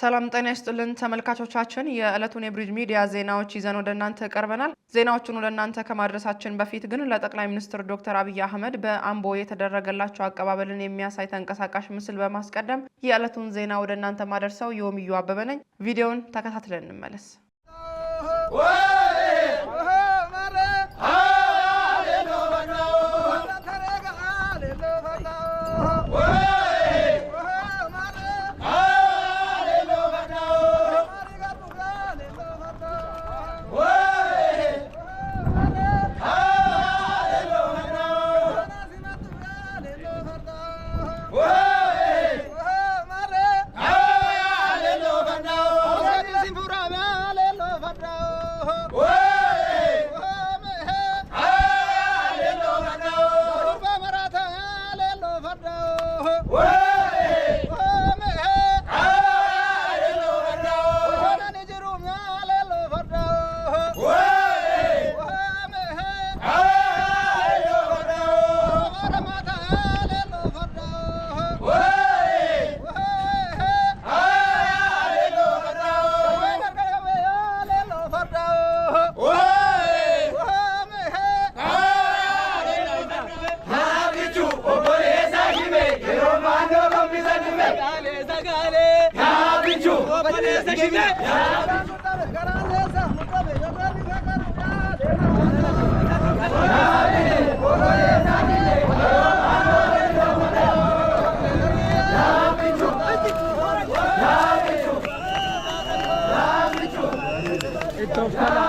ሰላም ጤና ይስጥልን ተመልካቾቻችን፣ የዕለቱን የብሪጅ ሚዲያ ዜናዎች ይዘን ወደ እናንተ ቀርበናል። ዜናዎቹን ወደ እናንተ ከማድረሳችን በፊት ግን ለጠቅላይ ሚኒስትር ዶክተር አብይ አህመድ በአምቦ የተደረገላቸው አቀባበልን የሚያሳይ ተንቀሳቃሽ ምስል በማስቀደም የዕለቱን ዜና ወደ እናንተ ማደርሰው የወምዩ አበበ ነኝ። ቪዲዮውን ተከታትለን እንመለስ። 야!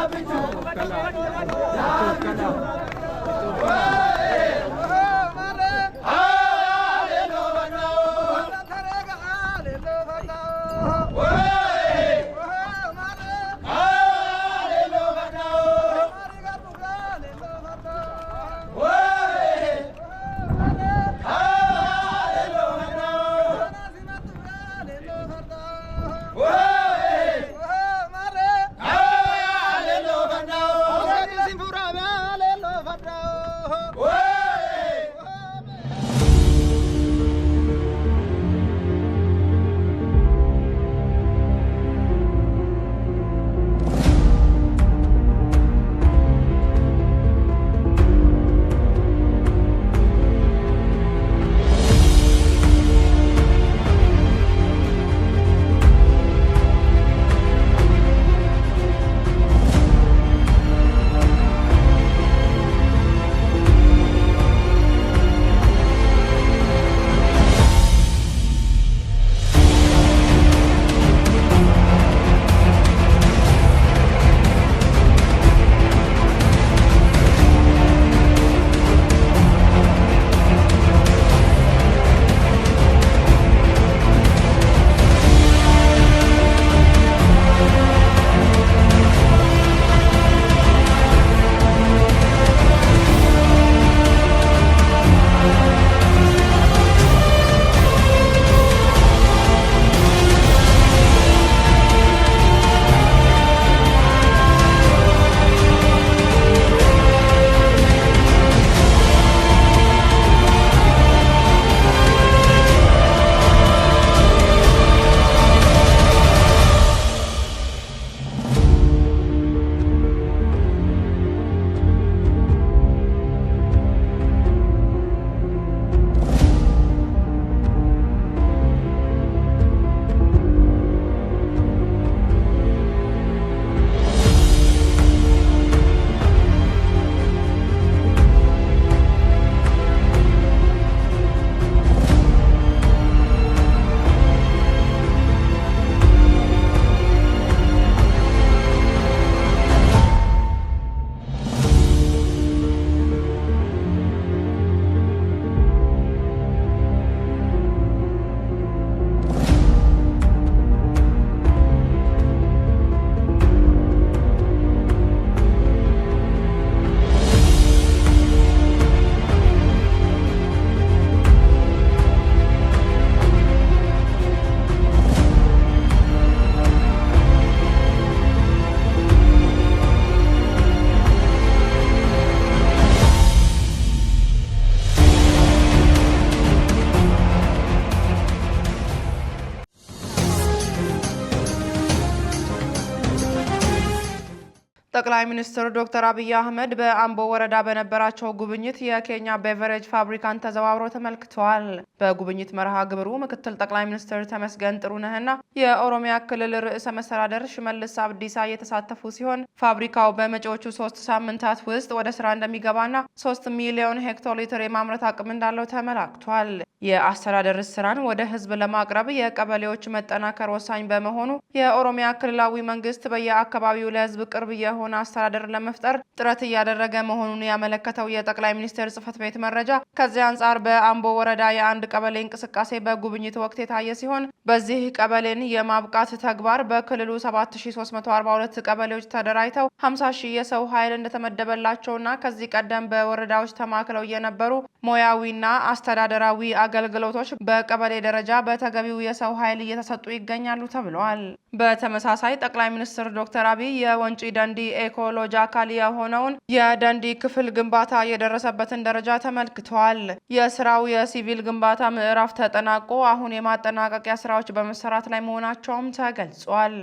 ጠቅላይ ሚኒስትር ዶክተር አብይ አህመድ በአምቦ ወረዳ በነበራቸው ጉብኝት የኬኛ ቤቨሬጅ ፋብሪካን ተዘዋውሮ ተመልክተዋል። በጉብኝት መርሃ ግብሩ ምክትል ጠቅላይ ሚኒስትር ተመስገን ጥሩነህና የኦሮሚያ ክልል ርዕሰ መስተዳደር ሽመልስ አብዲሳ እየተሳተፉ ሲሆን ፋብሪካው በመጪዎቹ ሶስት ሳምንታት ውስጥ ወደ ስራ እንደሚገባና ሶስት ሚሊዮን ሄክቶሊትር የማምረት አቅም እንዳለው ተመላክቷል። የአስተዳደር ስራን ወደ ህዝብ ለማቅረብ የቀበሌዎች መጠናከር ወሳኝ በመሆኑ የኦሮሚያ ክልላዊ መንግስት በየአካባቢው ለህዝብ ቅርብ የሆነ አስተዳደር ለመፍጠር ጥረት እያደረገ መሆኑን ያመለከተው የጠቅላይ ሚኒስትር ጽህፈት ቤት መረጃ ከዚህ አንጻር በአምቦ ወረዳ የአንድ ቀበሌ እንቅስቃሴ በጉብኝት ወቅት የታየ ሲሆን በዚህ ቀበሌን የማብቃት ተግባር በክልሉ 7342 ቀበሌዎች ተደራጅተው 50 ሺህ የሰው ኃይል እንደተመደበላቸውና ከዚህ ቀደም በወረዳዎች ተማክለው የነበሩ ሙያዊና አስተዳደራዊ አገልግሎቶች በቀበሌ ደረጃ በተገቢው የሰው ኃይል እየተሰጡ ይገኛሉ ተብሏል። በተመሳሳይ ጠቅላይ ሚኒስትር ዶክተር አብይ የወንጪ ደንዲ ኤኮሎጂ አካል የሆነውን የደንዲ ክፍል ግንባታ የደረሰበትን ደረጃ ተመልክተዋል። የስራው የሲቪል ግንባታ ምዕራፍ ተጠናቆ አሁን የማጠናቀቂያ ስራዎች በመሰራት ላይ መሆናቸውም ተገልጿል።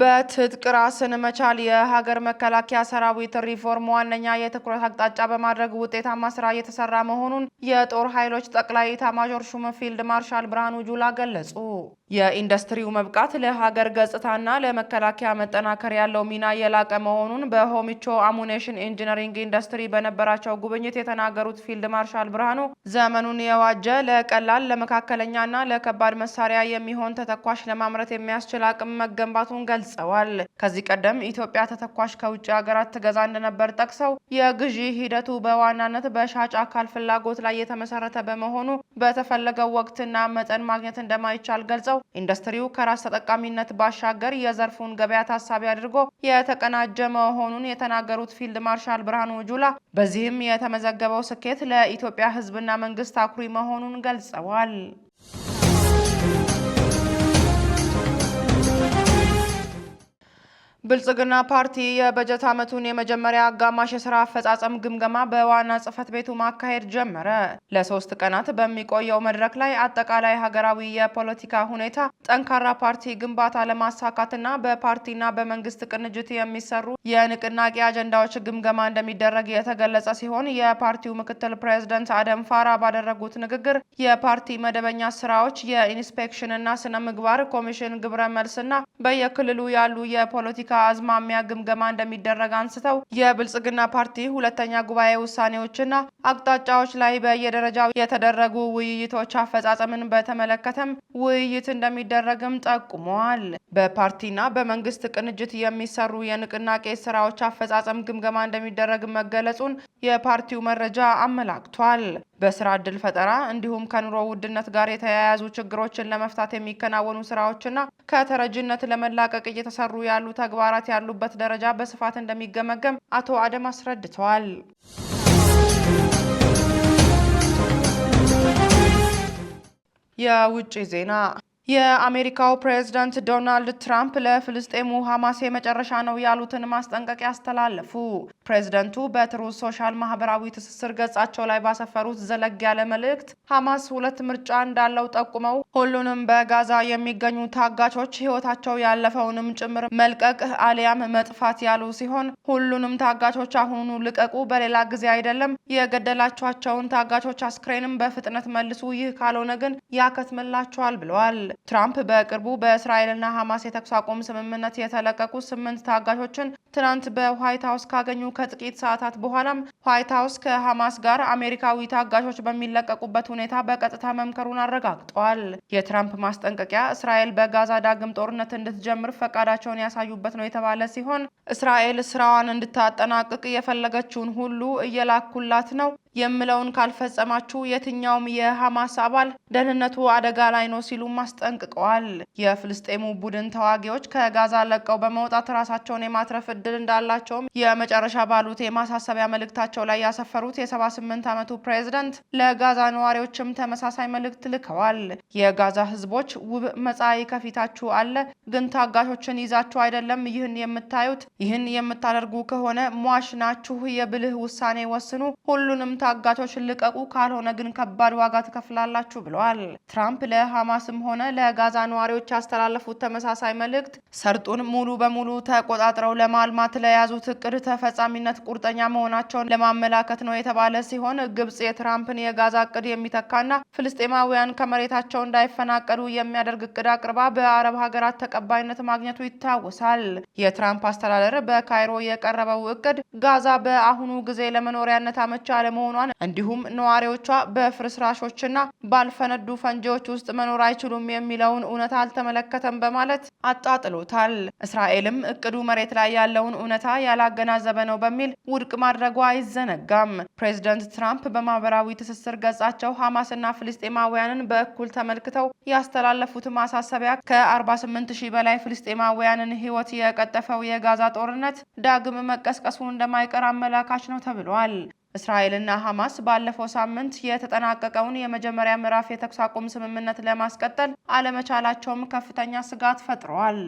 በትጥቅ ራስን መቻል የሀገር መከላከያ ሰራዊት ሪፎርም ዋነኛ የትኩረት አቅጣጫ በማድረግ ውጤታማ ስራ እየተሰራ መሆኑን የጦር ኃይሎች ጠቅላይ ኢታማዦር ሹም ፊልድ ማርሻል ብርሃኑ ጁላ ገለጹ። የኢንዱስትሪው መብቃት ለሀገር ገጽታና ለመከላከያ መጠናከር ያለው ሚና የላቀ መሆኑን በሆሚቾ አሙኔሽን ኢንጂነሪንግ ኢንዱስትሪ በነበራቸው ጉብኝት የተናገሩት ፊልድ ማርሻል ብርሃኑ ዘመኑን የዋጀ ለቀላል ለመካከለኛና ለከባድ መሳሪያ የሚሆን ተተኳሽ ለማምረት የሚያስችል አቅም መገንባቱን ገልጸዋል። ከዚህ ቀደም ኢትዮጵያ ተተኳሽ ከውጭ ሀገራት ትገዛ እንደነበር ጠቅሰው የግዢ ሂደቱ በዋናነት በሻጭ አካል ፍላጎት ላይ የተመሰረተ በመሆኑ በተፈለገው ወቅትና መጠን ማግኘት እንደማይቻል ገልጸው አስረድተው ኢንዱስትሪው ከራስ ተጠቃሚነት ባሻገር የዘርፉን ገበያ ታሳቢ አድርጎ የተቀናጀ መሆኑን የተናገሩት ፊልድ ማርሻል ብርሃኑ ጁላ በዚህም የተመዘገበው ስኬት ለኢትዮጵያ ሕዝብና መንግስት አኩሪ መሆኑን ገልጸዋል። ብልጽግና ፓርቲ የበጀት ዓመቱን የመጀመሪያ አጋማሽ የስራ አፈጻጸም ግምገማ በዋና ጽህፈት ቤቱ ማካሄድ ጀመረ። ለሶስት ቀናት በሚቆየው መድረክ ላይ አጠቃላይ ሀገራዊ የፖለቲካ ሁኔታ፣ ጠንካራ ፓርቲ ግንባታ ለማሳካትና በፓርቲና በመንግስት ቅንጅት የሚሰሩ የንቅናቄ አጀንዳዎች ግምገማ እንደሚደረግ የተገለጸ ሲሆን የፓርቲው ምክትል ፕሬዝደንት አደም ፋራ ባደረጉት ንግግር የፓርቲ መደበኛ ስራዎች፣ የኢንስፔክሽንና ስነ ምግባር ኮሚሽን ግብረ መልስና በየክልሉ ያሉ የፖለቲካ አዝማሚያ ግምገማ እንደሚደረግ አንስተው የብልጽግና ፓርቲ ሁለተኛ ጉባኤ ውሳኔዎችና አቅጣጫዎች ላይ በየደረጃው የተደረጉ ውይይቶች አፈጻጸምን በተመለከተም ውይይት እንደሚደረግም ጠቁመዋል። በፓርቲና በመንግስት ቅንጅት የሚሰሩ የንቅናቄ ስራዎች አፈጻጸም ግምገማ እንደሚደረግ መገለጹን የፓርቲው መረጃ አመላክቷል። በስራ እድል ፈጠራ እንዲሁም ከኑሮ ውድነት ጋር የተያያዙ ችግሮችን ለመፍታት የሚከናወኑ ስራዎችና ከተረጅነት ለመላቀቅ እየተሰሩ ያሉ ተግባራት ያሉበት ደረጃ በስፋት እንደሚገመገም አቶ አደም አስረድተዋል። የውጭ ዜና የአሜሪካው ፕሬዝዳንት ዶናልድ ትራምፕ ለፍልስጤሙ ሐማስ የመጨረሻ ነው ያሉትን ማስጠንቀቂያ አስተላለፉ። ፕሬዝደንቱ በትሩዝ ሶሻል ማህበራዊ ትስስር ገጻቸው ላይ ባሰፈሩት ዘለግ ያለ መልእክት ሐማስ ሁለት ምርጫ እንዳለው ጠቁመው ሁሉንም በጋዛ የሚገኙ ታጋቾች ሕይወታቸው ያለፈውንም ጭምር መልቀቅ አሊያም መጥፋት ያሉ ሲሆን ሁሉንም ታጋቾች አሁኑ ልቀቁ፣ በሌላ ጊዜ አይደለም። የገደላችኋቸውን ታጋቾች አስክሬንም በፍጥነት መልሱ፣ ይህ ካልሆነ ግን ያከትምላችኋል ብለዋል። ትራምፕ በቅርቡ በእስራኤልና ሐማስ የተኩስ አቁም ስምምነት የተለቀቁ ስምንት ታጋቾችን ትናንት በዋይት ሀውስ ካገኙ ከጥቂት ሰዓታት በኋላም ዋይት ሀውስ ከሐማስ ጋር አሜሪካዊ ታጋቾች በሚለቀቁበት ሁኔታ በቀጥታ መምከሩን አረጋግጠዋል። የትራምፕ ማስጠንቀቂያ እስራኤል በጋዛ ዳግም ጦርነት እንድትጀምር ፈቃዳቸውን ያሳዩበት ነው የተባለ ሲሆን እስራኤል ስራዋን እንድታጠናቅቅ የፈለገችውን ሁሉ እየላኩላት ነው የምለውን ካልፈጸማችሁ የትኛውም የሐማስ አባል ደህንነቱ አደጋ ላይ ነው ሲሉም አስጠንቅቀዋል። የፍልስጤሙ ቡድን ተዋጊዎች ከጋዛ ለቀው በመውጣት ራሳቸውን የማትረፍ እድል እንዳላቸውም የመጨረሻ ባሉት የማሳሰቢያ መልእክታቸው ላይ ያሰፈሩት የ78 ዓመቱ ፕሬዝደንት ለጋዛ ነዋሪዎችም ተመሳሳይ መልእክት ልከዋል። የጋዛ ህዝቦች ውብ መጻኢ ከፊታችሁ አለ፣ ግን ታጋሾችን ይዛችሁ አይደለም ይህን የምታዩት። ይህን የምታደርጉ ከሆነ ሟሽ ናችሁ። የብልህ ውሳኔ ወስኑ። ሁሉንም ታጋቾችን ልቀቁ፣ ካልሆነ ግን ከባድ ዋጋ ትከፍላላችሁ ብለዋል። ትራምፕ ለሐማስም ሆነ ለጋዛ ነዋሪዎች ያስተላለፉት ተመሳሳይ መልእክት ሰርጡን ሙሉ በሙሉ ተቆጣጥረው ለማልማት ለያዙት እቅድ ተፈጻሚነት ቁርጠኛ መሆናቸውን ለማመላከት ነው የተባለ ሲሆን ግብጽ የትራምፕን የጋዛ እቅድ የሚተካና ፍልስጤማውያን ከመሬታቸው እንዳይፈናቀሉ የሚያደርግ እቅድ አቅርባ በአረብ ሀገራት ተቀባይነት ማግኘቱ ይታወሳል። የትራምፕ አስተዳደር በካይሮ የቀረበው እቅድ ጋዛ በአሁኑ ጊዜ ለመኖሪያነት አመቺ አለመሆኑ መሆኗን እንዲሁም ነዋሪዎቿ በፍርስራሾችና ባልፈነዱ ፈንጂዎች ውስጥ መኖር አይችሉም የሚለውን እውነታ አልተመለከተም በማለት አጣጥሎታል። እስራኤልም እቅዱ መሬት ላይ ያለውን እውነታ ያላገናዘበ ነው በሚል ውድቅ ማድረጓ አይዘነጋም። ፕሬዚደንት ትራምፕ በማህበራዊ ትስስር ገጻቸው ሐማስና ፍልስጤማውያንን በእኩል ተመልክተው ያስተላለፉት ማሳሰቢያ ከ48 ሺህ በላይ ፍልስጤማውያንን ህይወት የቀጠፈው የጋዛ ጦርነት ዳግም መቀስቀሱ እንደማይቀር አመላካች ነው ተብሏል። እስራኤልና ሐማስ ባለፈው ሳምንት የተጠናቀቀውን የመጀመሪያ ምዕራፍ የተኩስ አቁም ስምምነት ለማስቀጠል አለመቻላቸውም ከፍተኛ ስጋት ፈጥረዋል።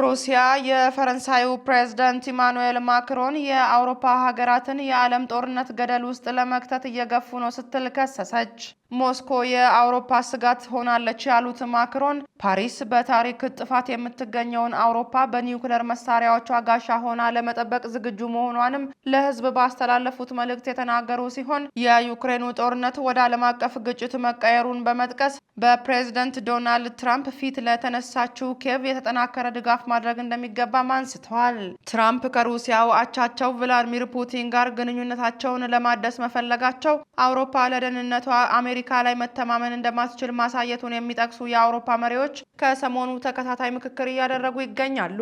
ሩሲያ የፈረንሳዩ ፕሬዝዳንት ኢማኑኤል ማክሮን የአውሮፓ ሀገራትን የዓለም ጦርነት ገደል ውስጥ ለመክተት እየገፉ ነው ስትል ከሰሰች። ሞስኮ የአውሮፓ ስጋት ሆናለች ያሉት ማክሮን ፓሪስ በታሪክ ጥፋት የምትገኘውን አውሮፓ በኒውክለር መሳሪያዎቿ ጋሻ ሆና ለመጠበቅ ዝግጁ መሆኗንም ለሕዝብ ባስተላለፉት መልእክት የተናገሩ ሲሆን የዩክሬኑ ጦርነት ወደ ዓለም አቀፍ ግጭት መቀየሩን በመጥቀስ በፕሬዝደንት ዶናልድ ትራምፕ ፊት ለተነሳችው ኬቭ የተጠናከረ ድጋፍ ማድረግ እንደሚገባም አንስተዋል። ትራምፕ ከሩሲያው አቻቸው ቭላድሚር ፑቲን ጋር ግንኙነታቸውን ለማደስ መፈለጋቸው አውሮፓ ለደህንነቷ አሜሪ በአሜሪካ ላይ መተማመን እንደማትችል ማሳየቱን የሚጠቅሱ የአውሮፓ መሪዎች ከሰሞኑ ተከታታይ ምክክር እያደረጉ ይገኛሉ።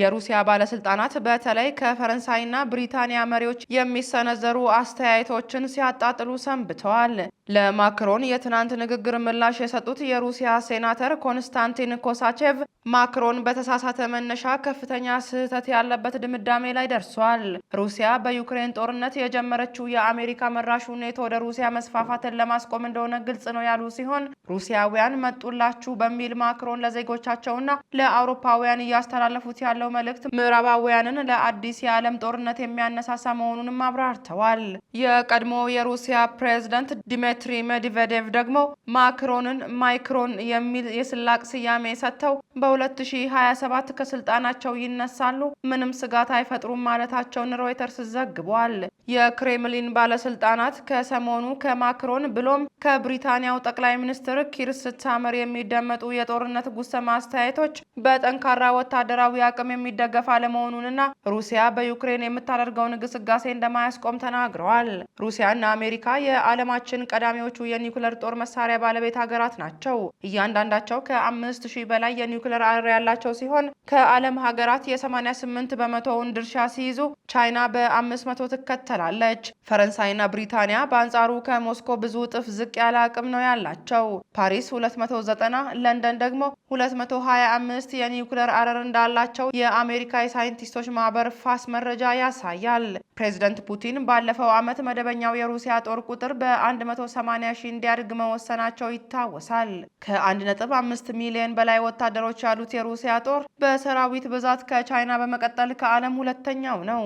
የሩሲያ ባለስልጣናት በተለይ ከፈረንሳይና ብሪታንያ መሪዎች የሚሰነዘሩ አስተያየቶችን ሲያጣጥሉ ሰንብተዋል። ለማክሮን የትናንት ንግግር ምላሽ የሰጡት የሩሲያ ሴናተር ኮንስታንቲን ኮሳቼቭ ማክሮን በተሳሳተ መነሻ ከፍተኛ ስህተት ያለበት ድምዳሜ ላይ ደርሷል። ሩሲያ በዩክሬን ጦርነት የጀመረችው የአሜሪካ መራሹ ኔቶ ወደ ሩሲያ መስፋፋትን ለማስቆም እንደሆነ ግልጽ ነው ያሉ ሲሆን ሩሲያውያን መጡላችሁ በሚል ማክሮን ለዜጎቻቸውና ለአውሮፓውያን እያስተላለፉት ያለው መልእክት ምዕራባውያንን ለአዲስ የዓለም ጦርነት የሚያነሳሳ መሆኑንም አብራርተዋል። የቀድሞ የሩሲያ ፕሬዝደንት ዲሜትሪ ሜድቬዴቭ ደግሞ ማክሮንን ማይክሮን የሚል የስላቅ ስያሜ ሰጥተው በ2027 ከስልጣናቸው ይነሳሉ፣ ምንም ስጋት አይፈጥሩም ማለታቸውን ሮይተርስ ዘግቧል። የክሬምሊን ባለስልጣናት ከሰሞኑ ከማክሮን ብሎም ከብሪታንያው ጠቅላይ ሚኒስትር ኪር ስታመር የሚደመጡ የጦርነት ጉሰማ አስተያየቶች በጠንካራ ወታደራዊ አቅም የሚደገፍ አለመሆኑንና ሩሲያ በዩክሬን የምታደርገውን ግስጋሴ እንደማያስቆም ተናግረዋል። ሩሲያና አሜሪካ የዓለማችን ቀዳሚዎቹ የኒውክለር ጦር መሳሪያ ባለቤት ሀገራት ናቸው። እያንዳንዳቸው ከአምስት ሺህ በላይ የኒውክለር አር ያላቸው ሲሆን ከዓለም ሀገራት የ88 በመቶውን ድርሻ ሲይዙ ቻይና በ500 ትከተላለች። ፈረንሳይና ብሪታንያ በአንጻሩ ከሞስኮ ብዙ እጥፍ ዝቅ ያለ አቅም ነው ያላቸው። ፓሪስ 290 ለንደን ደግሞ 225 የኒውክለር አረር እንዳላቸው የአሜሪካ የሳይንቲስቶች ማህበር ፋስ መረጃ ያሳያል። ፕሬዚደንት ፑቲን ባለፈው ዓመት መደበኛው የሩሲያ ጦር ቁጥር በ180 ሺህ እንዲያድግ መወሰናቸው ይታወሳል። ከ1.5 ሚሊዮን በላይ ወታደሮች ያሉት የሩሲያ ጦር በሰራዊት ብዛት ከቻይና በመቀጠል ከዓለም ሁለተኛው ነው።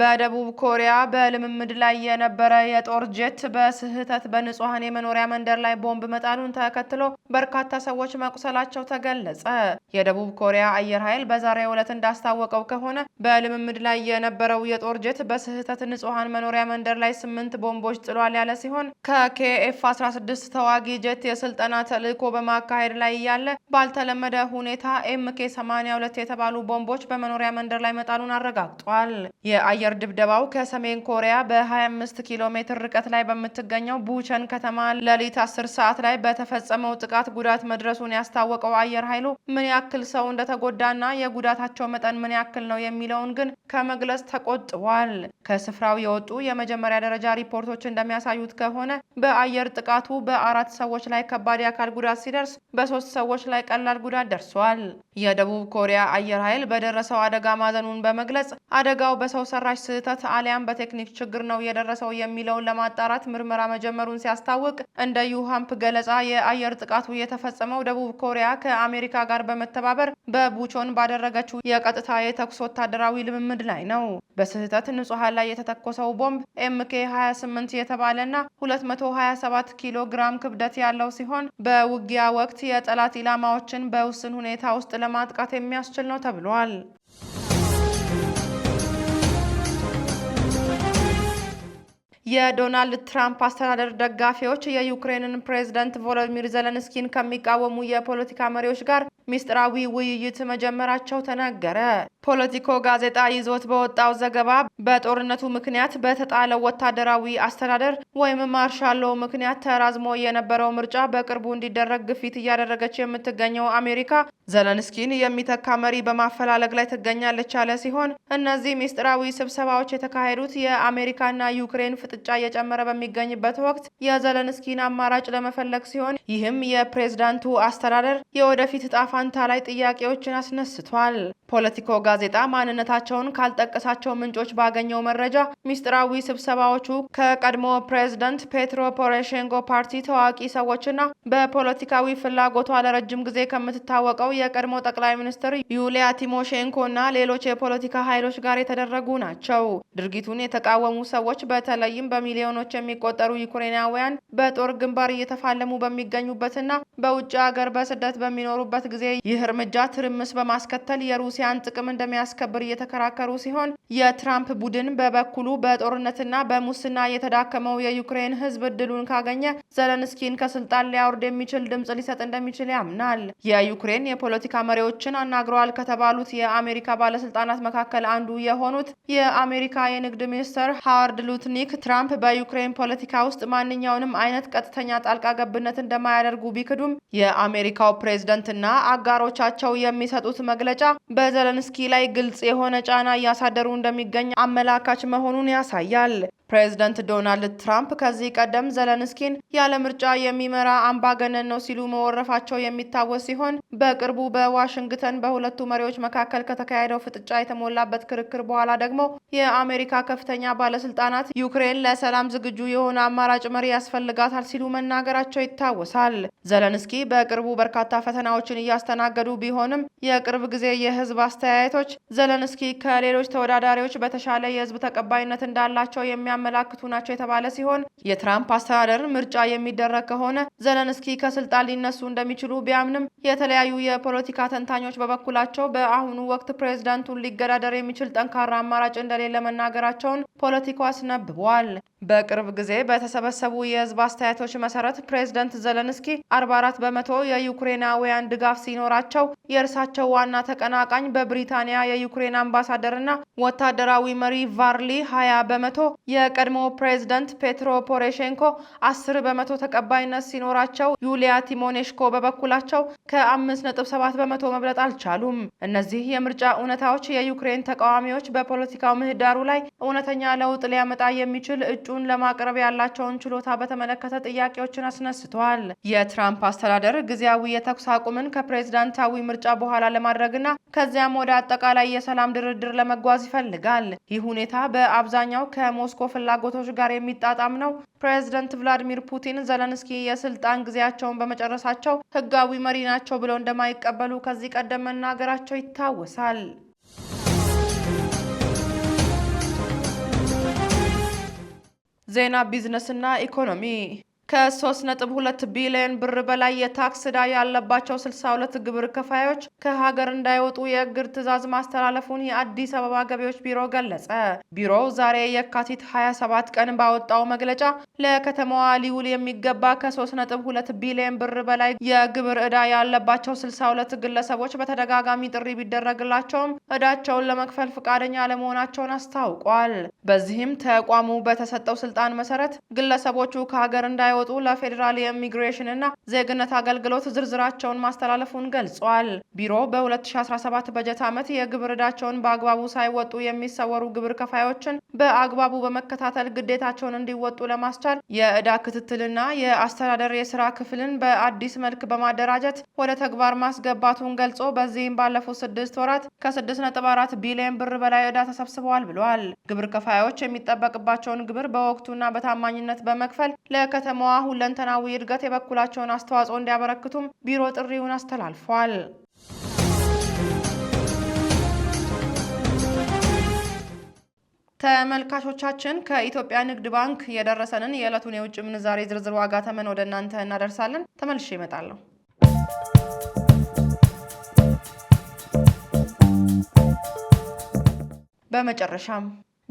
በደቡብ ኮሪያ በልምምድ ላይ የነበረ የጦር ጀት በስህተት በንጹሐን የመኖሪያ መንደር ላይ ቦምብ መጣሉን ተከትሎ በርካታ ሰዎች መቁሰላቸው ተገለጸ። የደቡብ ኮሪያ አየር ኃይል በዛሬው ዕለት እንዳስታወቀው ከሆነ በልምምድ ላይ የነበረው የጦር ጀት በስህተት ንጹሐን መኖሪያ መንደር ላይ ስምንት ቦምቦች ጥሏል ያለ ሲሆን ከኬኤፍ 16 ተዋጊ ጀት የስልጠና ተልዕኮ በማካሄድ ላይ እያለ ባልተለመደ ሁኔታ ኤምኬ 82 የተባሉ ቦምቦች በመኖሪያ መንደር ላይ መጣሉን አረጋግጧል። የአየር ድብደባው ከሰሜን ኮሪያ በ25 ኪሎ ሜትር ርቀት ላይ በምትገኘው ቡቸን ከተማ ሌሊት 10 ሰዓት ላይ በተፈጸመው ጥቃት ጉዳት መድረሱን ያስታወቀው አየር ኃይሉ ምን ያክል ሰው እንደተጎዳና የጉዳታቸው መጠን ምን ያክል ነው የሚለውን ግን ከመግለጽ ተቆጥቧል። ከስፍራው የወጡ የመጀመሪያ ደረጃ ሪፖርቶች እንደሚያሳዩት ከሆነ በአየር ጥቃቱ በአራት ሰዎች ላይ ከባድ የአካል ጉዳት ሲደርስ በሶስት ሰዎች ላይ ቀላል ጉዳት ደርሷል። የደቡብ ኮሪያ አየር ኃይል በደረሰው አደጋ ማዘኑን በመግለጽ አደጋው በሰው ሰራሽ በመኪኖች ስህተት አሊያም በቴክኒክ ችግር ነው የደረሰው የሚለውን ለማጣራት ምርመራ መጀመሩን ሲያስታውቅ እንደ ዩሃምፕ ገለጻ የአየር ጥቃቱ የተፈጸመው ደቡብ ኮሪያ ከአሜሪካ ጋር በመተባበር በቡቾን ባደረገችው የቀጥታ የተኩስ ወታደራዊ ልምምድ ላይ ነው። በስህተት ንጹሐን ላይ የተተኮሰው ቦምብ ኤምኬ 28 የተባለና 227 ኪሎ ግራም ክብደት ያለው ሲሆን በውጊያ ወቅት የጠላት ኢላማዎችን በውስን ሁኔታ ውስጥ ለማጥቃት የሚያስችል ነው ተብሏል። የዶናልድ ትራምፕ አስተዳደር ደጋፊዎች የዩክሬንን ፕሬዝደንት ቮሎዲሚር ዘለንስኪን ከሚቃወሙ የፖለቲካ መሪዎች ጋር ሚስጥራዊ ውይይት መጀመራቸው ተናገረ። ፖለቲኮ ጋዜጣ ይዞት በወጣው ዘገባ በጦርነቱ ምክንያት በተጣለው ወታደራዊ አስተዳደር ወይም ማርሻሎ ምክንያት ተራዝሞ የነበረው ምርጫ በቅርቡ እንዲደረግ ግፊት እያደረገች የምትገኘው አሜሪካ ዘለንስኪን የሚተካ መሪ በማፈላለግ ላይ ትገኛለች ያለ ሲሆን እነዚህ ሚስጥራዊ ስብሰባዎች የተካሄዱት የአሜሪካና ዩክሬን ፍጥጫ እየጨመረ በሚገኝበት ወቅት የዘለንስኪን አማራጭ ለመፈለግ ሲሆን ይህም የፕሬዝዳንቱ አስተዳደር የወደፊት ጣፋ ፋንታ ላይ ጥያቄዎችን አስነስቷል። ፖለቲኮ ጋዜጣ ማንነታቸውን ካልጠቀሳቸው ምንጮች ባገኘው መረጃ ሚስጥራዊ ስብሰባዎቹ ከቀድሞ ፕሬዝደንት ፔትሮ ፖሮሼንኮ ፓርቲ ታዋቂ ሰዎችና በፖለቲካዊ ፍላጎቷ ለረጅም ጊዜ ከምትታወቀው የቀድሞ ጠቅላይ ሚኒስትር ዩሊያ ቲሞሼንኮና ሌሎች የፖለቲካ ኃይሎች ጋር የተደረጉ ናቸው። ድርጊቱን የተቃወሙ ሰዎች በተለይም በሚሊዮኖች የሚቆጠሩ ዩክሬናውያን በጦር ግንባር እየተፋለሙ በሚገኙበትና በውጭ ሀገር በስደት በሚኖሩበት ጊዜ ጊዜ ይህ እርምጃ ትርምስ በማስከተል የሩሲያን ጥቅም እንደሚያስከብር እየተከራከሩ ሲሆን የትራምፕ ቡድን በበኩሉ በጦርነትና በሙስና የተዳከመው የዩክሬን ህዝብ እድሉን ካገኘ ዘለንስኪን ከስልጣን ሊያወርድ የሚችል ድምጽ ሊሰጥ እንደሚችል ያምናል። የዩክሬን የፖለቲካ መሪዎችን አናግረዋል ከተባሉት የአሜሪካ ባለስልጣናት መካከል አንዱ የሆኑት የአሜሪካ የንግድ ሚኒስትር ሃዋርድ ሉትኒክ ትራምፕ በዩክሬን ፖለቲካ ውስጥ ማንኛውንም አይነት ቀጥተኛ ጣልቃ ገብነት እንደማያደርጉ ቢክዱም የአሜሪካው ፕሬዝደንትና አጋሮቻቸው የሚሰጡት መግለጫ በዘለንስኪ ላይ ግልጽ የሆነ ጫና እያሳደሩ እንደሚገኝ አመላካች መሆኑን ያሳያል። ፕሬዚደንት ዶናልድ ትራምፕ ከዚህ ቀደም ዘለንስኪን ያለ ምርጫ የሚመራ አምባገነን ነው ሲሉ መወረፋቸው የሚታወስ ሲሆን በቅርቡ በዋሽንግተን በሁለቱ መሪዎች መካከል ከተካሄደው ፍጥጫ የተሞላበት ክርክር በኋላ ደግሞ የአሜሪካ ከፍተኛ ባለስልጣናት ዩክሬን ለሰላም ዝግጁ የሆነ አማራጭ መሪ ያስፈልጋታል ሲሉ መናገራቸው ይታወሳል። ዘለንስኪ በቅርቡ በርካታ ፈተናዎችን እያ ያስተናገዱ ቢሆንም የቅርብ ጊዜ የህዝብ አስተያየቶች ዘለንስኪ ከሌሎች ተወዳዳሪዎች በተሻለ የህዝብ ተቀባይነት እንዳላቸው የሚያመላክቱ ናቸው የተባለ ሲሆን የትራምፕ አስተዳደር ምርጫ የሚደረግ ከሆነ ዘለንስኪ ከስልጣን ሊነሱ እንደሚችሉ ቢያምንም የተለያዩ የፖለቲካ ተንታኞች በበኩላቸው በአሁኑ ወቅት ፕሬዝዳንቱን ሊገዳደር የሚችል ጠንካራ አማራጭ እንደሌለ መናገራቸውን ፖለቲኮ አስነብቧል። በቅርብ ጊዜ በተሰበሰቡ የህዝብ አስተያየቶች መሰረት ፕሬዝደንት ዘለንስኪ 44 በመቶ የዩክሬናውያን ድጋፍ ሲኖራቸው የእርሳቸው ዋና ተቀናቃኝ በብሪታንያ የዩክሬን አምባሳደርና ወታደራዊ መሪ ቫርሊ 20 በመቶ፣ የቀድሞ ፕሬዝደንት ፔትሮ ፖሮሼንኮ 10 በመቶ ተቀባይነት ሲኖራቸው ዩሊያ ቲሞኔሽኮ በበኩላቸው ከ5.7 በመቶ መብለጥ አልቻሉም። እነዚህ የምርጫ እውነታዎች የዩክሬን ተቃዋሚዎች በፖለቲካው ምህዳሩ ላይ እውነተኛ ለውጥ ሊያመጣ የሚችል እጩ እጩን ለማቅረብ ያላቸውን ችሎታ በተመለከተ ጥያቄዎችን አስነስተዋል። የትራምፕ አስተዳደር ጊዜያዊ የተኩስ አቁምን ከፕሬዝዳንታዊ ምርጫ በኋላ ለማድረግና ከዚያም ወደ አጠቃላይ የሰላም ድርድር ለመጓዝ ይፈልጋል። ይህ ሁኔታ በአብዛኛው ከሞስኮ ፍላጎቶች ጋር የሚጣጣም ነው። ፕሬዝደንት ቭላዲሚር ፑቲን ዘለንስኪ የስልጣን ጊዜያቸውን በመጨረሳቸው ህጋዊ መሪ ናቸው ብለው እንደማይቀበሉ ከዚህ ቀደም መናገራቸው ይታወሳል። ዜና ቢዝነስና ኢኮኖሚ ከ3.2 ቢሊዮን ብር በላይ የታክስ ዕዳ ያለባቸው 62 ግብር ከፋዮች ከሀገር እንዳይወጡ የእግድ ትዕዛዝ ማስተላለፉን የአዲስ አበባ ገቢዎች ቢሮ ገለጸ። ቢሮው ዛሬ የካቲት 27 ቀን ባወጣው መግለጫ ለከተማዋ ሊውል የሚገባ ከ3.2 ቢሊዮን ብር በላይ የግብር ዕዳ ያለባቸው 62 ግለሰቦች በተደጋጋሚ ጥሪ ቢደረግላቸውም ዕዳቸውን ለመክፈል ፈቃደኛ አለመሆናቸውን አስታውቋል። በዚህም ተቋሙ በተሰጠው ስልጣን መሰረት ግለሰቦቹ ከሀገር እንዳይወጡ እንዲያወጡ ለፌዴራል እና ዜግነት አገልግሎት ዝርዝራቸውን ማስተላለፉን ገልጿል። ቢሮ በ2017 በጀት ዓመት የግብር ዕዳቸውን በአግባቡ ሳይወጡ የሚሰወሩ ግብር ከፋዮችን በአግባቡ በመከታተል ግዴታቸውን እንዲወጡ ለማስቻል የዕዳ ክትትልና የአስተዳደር የስራ ክፍልን በአዲስ መልክ በማደራጀት ወደ ተግባር ማስገባቱን ገልጾ በዚህም ባለፉት ስድስት ወራት ከ6.4 ቢሊዮን ብር በላይ ዕዳ ተሰብስበዋል ብለዋል። ግብር ከፋዮች የሚጠበቅባቸውን ግብር በወቅቱና በታማኝነት በመክፈል ለከተማዋ ከተማዋ ሁለንተናዊ እድገት የበኩላቸውን አስተዋጽኦ እንዲያበረክቱም ቢሮ ጥሪውን አስተላልፏል። ተመልካቾቻችን ከኢትዮጵያ ንግድ ባንክ የደረሰንን የዕለቱን የውጭ ምንዛሬ ዝርዝር ዋጋ ተመን ወደ እናንተ እናደርሳለን። ተመልሼ ይመጣለሁ። በመጨረሻም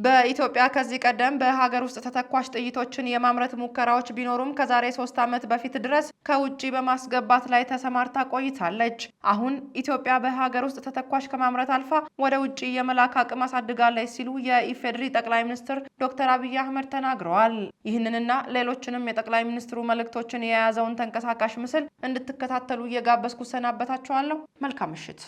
በኢትዮጵያ ከዚህ ቀደም በሀገር ውስጥ ተተኳሽ ጥይቶችን የማምረት ሙከራዎች ቢኖሩም ከዛሬ ሶስት ዓመት በፊት ድረስ ከውጭ በማስገባት ላይ ተሰማርታ ቆይታለች። አሁን ኢትዮጵያ በሀገር ውስጥ ተተኳሽ ከማምረት አልፋ ወደ ውጭ የመላክ አቅም አሳድጋለች ሲሉ የኢፌዴሪ ጠቅላይ ሚኒስትር ዶክተር አብይ አህመድ ተናግረዋል። ይህንንና ሌሎችንም የጠቅላይ ሚኒስትሩ መልእክቶችን የያዘውን ተንቀሳቃሽ ምስል እንድትከታተሉ እየጋበዝኩ ሰናበታችኋለሁ። መልካም ምሽት።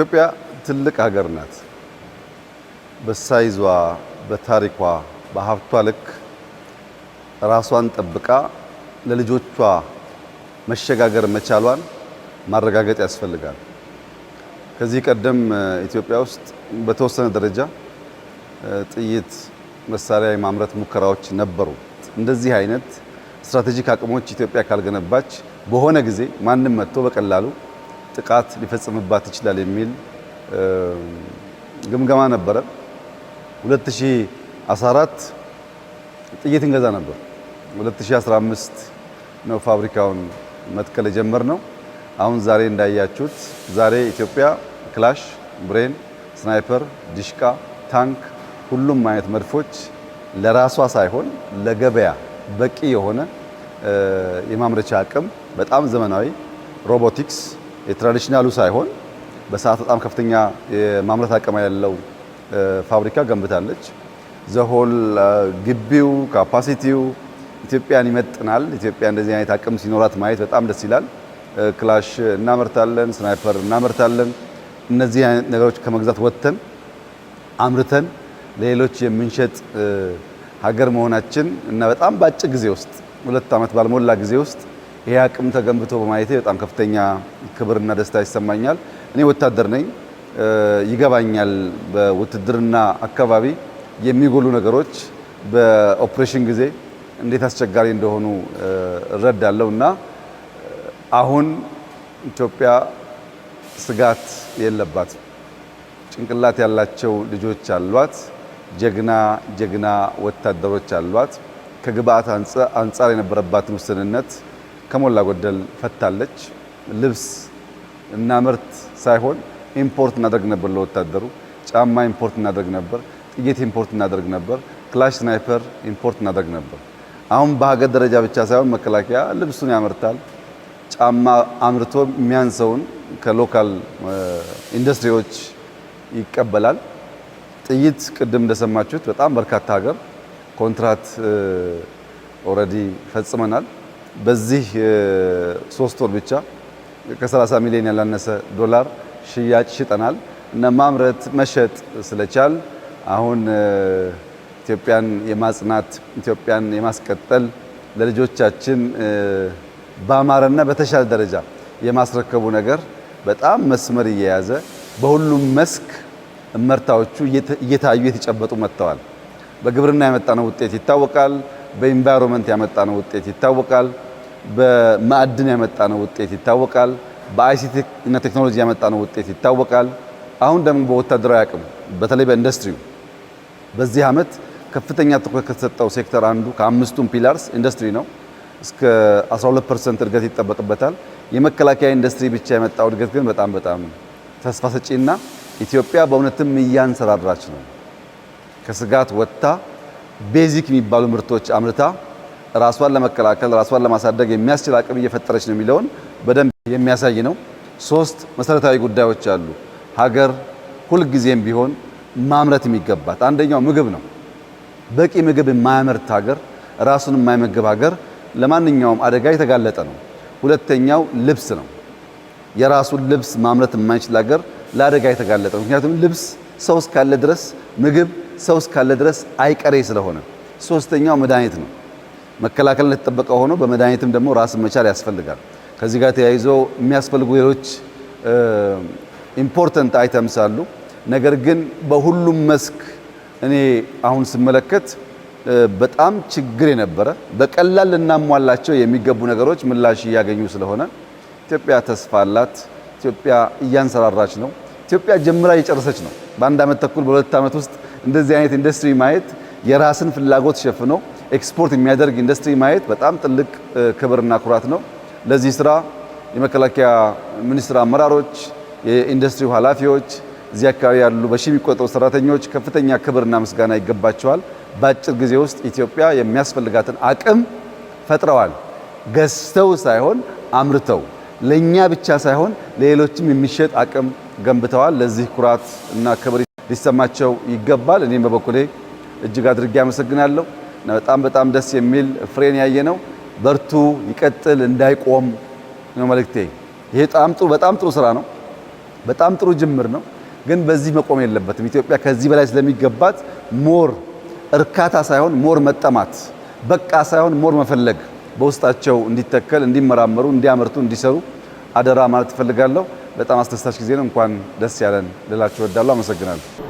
ኢትዮጵያ ትልቅ ሀገር ናት። በሳይዟ፣ በታሪኳ፣ በሀብቷ ልክ ራሷን ጠብቃ ለልጆቿ መሸጋገር መቻሏን ማረጋገጥ ያስፈልጋል። ከዚህ ቀደም ኢትዮጵያ ውስጥ በተወሰነ ደረጃ ጥይት መሳሪያ የማምረት ሙከራዎች ነበሩ። እንደዚህ አይነት ስትራቴጂክ አቅሞች ኢትዮጵያ ካልገነባች በሆነ ጊዜ ማንም መጥቶ በቀላሉ ጥቃት ሊፈጽምባት ይችላል የሚል ግምገማ ነበረ። 2014 ጥይት እንገዛ ነበር። 2015 ነው ፋብሪካውን መትከል ነው። አሁን ዛሬ እንዳያችሁት ዛሬ ኢትዮጵያ ክላሽ፣ ብሬን፣ ስናይፐር፣ ዲሽቃ፣ ታንክ፣ ሁሉም አይነት መድፎች ለራሷ ሳይሆን ለገበያ በቂ የሆነ የማምረቻ አቅም በጣም ዘመናዊ ሮቦቲክስ የትራዲሽናሉ ሳይሆን በሰዓት በጣም ከፍተኛ የማምረት አቅም ያለው ፋብሪካ ገንብታለች። ዘሆል ግቢው ካፓሲቲው ኢትዮጵያን ይመጥናል። ኢትዮጵያ እንደዚህ አይነት አቅም ሲኖራት ማየት በጣም ደስ ይላል። ክላሽ እናመርታለን፣ ስናይፐር እናመርታለን። እነዚህ አይነት ነገሮች ከመግዛት ወጥተን አምርተን ለሌሎች የምንሸጥ ሀገር መሆናችን እና በጣም በአጭር ጊዜ ውስጥ ሁለት ዓመት ባልሞላ ጊዜ ውስጥ ይህ አቅም ተገንብቶ በማየቴ በጣም ከፍተኛ ክብርና ደስታ ይሰማኛል። እኔ ወታደር ነኝ፣ ይገባኛል። በውትድርና አካባቢ የሚጎሉ ነገሮች በኦፕሬሽን ጊዜ እንዴት አስቸጋሪ እንደሆኑ እረዳለሁ እና አሁን ኢትዮጵያ ስጋት የለባት። ጭንቅላት ያላቸው ልጆች አሏት። ጀግና ጀግና ወታደሮች አሏት። ከግብአት አንጻር የነበረባትን ውስንነት ከሞላ ጎደል ፈታለች። ልብስ እና ምርት ሳይሆን ኢምፖርት እናደርግ ነበር፣ ለወታደሩ ጫማ ኢምፖርት እናደርግ ነበር፣ ጥይት ኢምፖርት እናደርግ ነበር፣ ክላሽ ስናይፐር ኢምፖርት እናደርግ ነበር። አሁን በሀገር ደረጃ ብቻ ሳይሆን መከላከያ ልብሱን ያመርታል። ጫማ አምርቶ የሚያንሰውን ከሎካል ኢንዱስትሪዎች ይቀበላል። ጥይት ቅድም እንደሰማችሁት በጣም በርካታ ሀገር ኮንትራት ኦልሬዲ ፈጽመናል። በዚህ ሶስት ወር ብቻ ከ30 ሚሊዮን ያላነሰ ዶላር ሽያጭ ሽጠናል እና ማምረት መሸጥ ስለቻል አሁን ኢትዮጵያን የማጽናት ኢትዮጵያን የማስቀጠል ለልጆቻችን ባማረና በተሻለ ደረጃ የማስረከቡ ነገር በጣም መስመር እየያዘ በሁሉም መስክ እመርታዎቹ እየታዩ የተጨበጡ መጥተዋል። በግብርና የመጣነው ውጤት ይታወቃል። በኢንቫይሮንመንት ያመጣነው ውጤት ይታወቃል። በማዕድን ያመጣነው ውጤት ይታወቃል። በአይሲቲ እና ቴክኖሎጂ ያመጣነው ውጤት ይታወቃል። አሁን ደግሞ በወታደራዊ አቅም በተለይ በኢንዱስትሪው በዚህ ዓመት ከፍተኛ ትኩረት ከተሰጠው ሴክተር አንዱ ከአምስቱም ፒላርስ ኢንዱስትሪ ነው። እስከ 12% ፐርሰንት እድገት ይጠበቅበታል። የመከላከያ ኢንዱስትሪ ብቻ የመጣው እድገት ግን በጣም በጣም ተስፋ ሰጪና ኢትዮጵያ በእውነትም እያንሰራራች ነው ከስጋት ወጥታ ቤዚክ የሚባሉ ምርቶች አምርታ ራሷን ለመከላከል ራሷን ለማሳደግ የሚያስችል አቅም እየፈጠረች ነው የሚለውን በደንብ የሚያሳይ ነው። ሶስት መሰረታዊ ጉዳዮች አሉ ሀገር ሁልጊዜም ቢሆን ማምረት የሚገባት አንደኛው ምግብ ነው። በቂ ምግብ የማያመርት ሀገር፣ ራሱን የማይመግብ ሀገር ለማንኛውም አደጋ የተጋለጠ ነው። ሁለተኛው ልብስ ነው። የራሱን ልብስ ማምረት የማይችል ሀገር ለአደጋ የተጋለጠ ምክንያቱም ልብስ ሰው እስካለ ድረስ ምግብ ሰው እስካለ ድረስ አይቀሬ ስለሆነ፣ ሶስተኛው መድኃኒት ነው። መከላከል እንደተጠበቀ ሆኖ በመድኃኒትም ደግሞ ራስን መቻል ያስፈልጋል። ከዚህ ጋር ተያይዞ የሚያስፈልጉ ሌሎች ኢምፖርተንት አይተምስ አሉ። ነገር ግን በሁሉም መስክ እኔ አሁን ስመለከት በጣም ችግር የነበረ በቀላል ልናሟላቸው የሚገቡ ነገሮች ምላሽ እያገኙ ስለሆነ ኢትዮጵያ ተስፋ አላት። ኢትዮጵያ እያንሰራራች ነው። ኢትዮጵያ ጀምራ እየጨረሰች ነው። በአንድ ዓመት ተኩል በሁለት ዓመት ውስጥ እንደዚህ አይነት ኢንዱስትሪ ማየት የራስን ፍላጎት ሸፍኖ ኤክስፖርት የሚያደርግ ኢንዱስትሪ ማየት በጣም ትልቅ ክብርና ኩራት ነው። ለዚህ ስራ የመከላከያ ሚኒስቴር አመራሮች፣ የኢንዱስትሪው ኃላፊዎች፣ እዚህ አካባቢ ያሉ በሺ የሚቆጠሩ ሰራተኞች ከፍተኛ ክብርና ምስጋና ይገባቸዋል። በአጭር ጊዜ ውስጥ ኢትዮጵያ የሚያስፈልጋትን አቅም ፈጥረዋል። ገዝተው ሳይሆን አምርተው ለእኛ ብቻ ሳይሆን ለሌሎችም የሚሸጥ አቅም ገንብተዋል። ለዚህ ኩራት እና ክብር ሊሰማቸው ይገባል። እኔም በበኩሌ እጅግ አድርጌ አመሰግናለሁ በጣም በጣም ደስ የሚል ፍሬን ያየ ነው። በርቱ፣ ይቀጥል፣ እንዳይቆም ነው መልእክቴ። ይሄ በጣም ጥሩ ስራ ነው፣ በጣም ጥሩ ጅምር ነው። ግን በዚህ መቆም የለበትም። ኢትዮጵያ ከዚህ በላይ ስለሚገባት ሞር እርካታ ሳይሆን ሞር መጠማት በቃ ሳይሆን ሞር መፈለግ በውስጣቸው እንዲተከል፣ እንዲመራመሩ፣ እንዲያመርቱ፣ እንዲሰሩ አደራ ማለት እፈልጋለሁ። በጣም አስደሳች ጊዜ ነው። እንኳን ደስ ያለን ልላችሁ ወዳሉ አመሰግናለሁ።